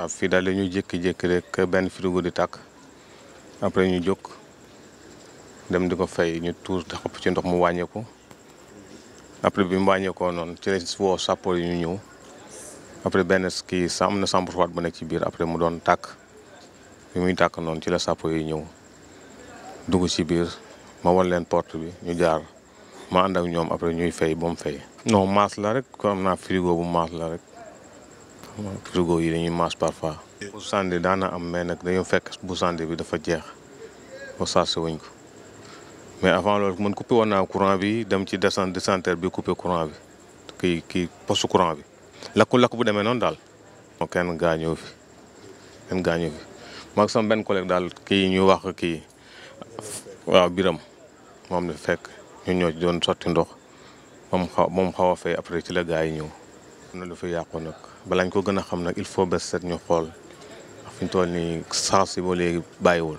waaw fii daal dañu jékki-jékki rek benn frigo di tàkk après ñu jóg dem di ko fay ñu tuur xapp ci ndox mu wàññeeku après bi mu wàññeekoo noonu ci lañ yi ñu ñëw après benn kii am na chambre bu nekk ci biir après mu doon tàkk bi muy tàkk noonu ci la sappoor yi ñëw dugg ci biir ma wan leen porte bi ñu jaar ma ànd ak ñoom après ñuy fay ba mu fay. non maas la rek ko am naa frigo bu maas la rek. frigo yi dañuy maas parfois. bu sànni daana am mais nag dañoo fekk bu sànni bi dafa jeex ba sarse wuñ ko mais avant loolu man coupé woon naa courant bi dem ci descente discentaire bi coupé courant bi kii kii poste courant bi lakku-lakk bu demee noonu daal moo kenn gaañoo fi kenn gaañoo fi maag sama benn collègue daal kii ñuy wax kii waaw biram moom ne fekk ñu ñoo doon sotti ndox moom xaw moom xaw a fay après ci la gaa yi ñëw na lu fi yàqu nag balaañ ko gën a xam nag il faut bés set ñu xool ndax fi ñu toll nii saas yi ba léegi bàyyiwul.